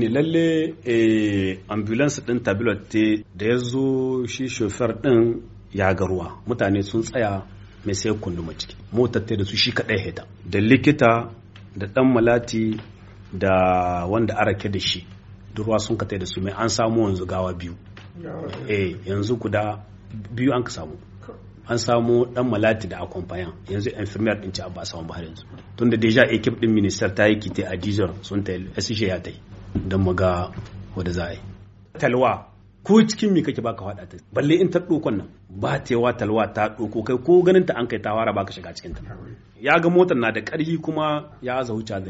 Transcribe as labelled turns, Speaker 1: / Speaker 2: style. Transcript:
Speaker 1: ne lalle eh, ambulance ɗin tablet te da ya zo shi shofar din ya garuwa mutane sun tsaya mai sai kunduma ciki motar ta da su shi kaɗai heta da likita da ɗan malati da wanda arake da shi durwa sun ka da su mai an samu wanzu gawa biyu eh yanzu guda biyu an ka samu an samu dan malati da akwamfayan yanzu infirmiyar din ci ba samu ba har yanzu da deja ekip din minister ta yi kite a dijon sun ta ya ta yi don mu ga wadda za a yi talwa ko cikin mi kake baka faɗa ta balle in ta ɗokon nan ba tewa talwa ta ɗoko kai ko ganin ta an kai ta fara baka shiga cikin ta ya ga motar na da ƙarfi kuma ya wuce zai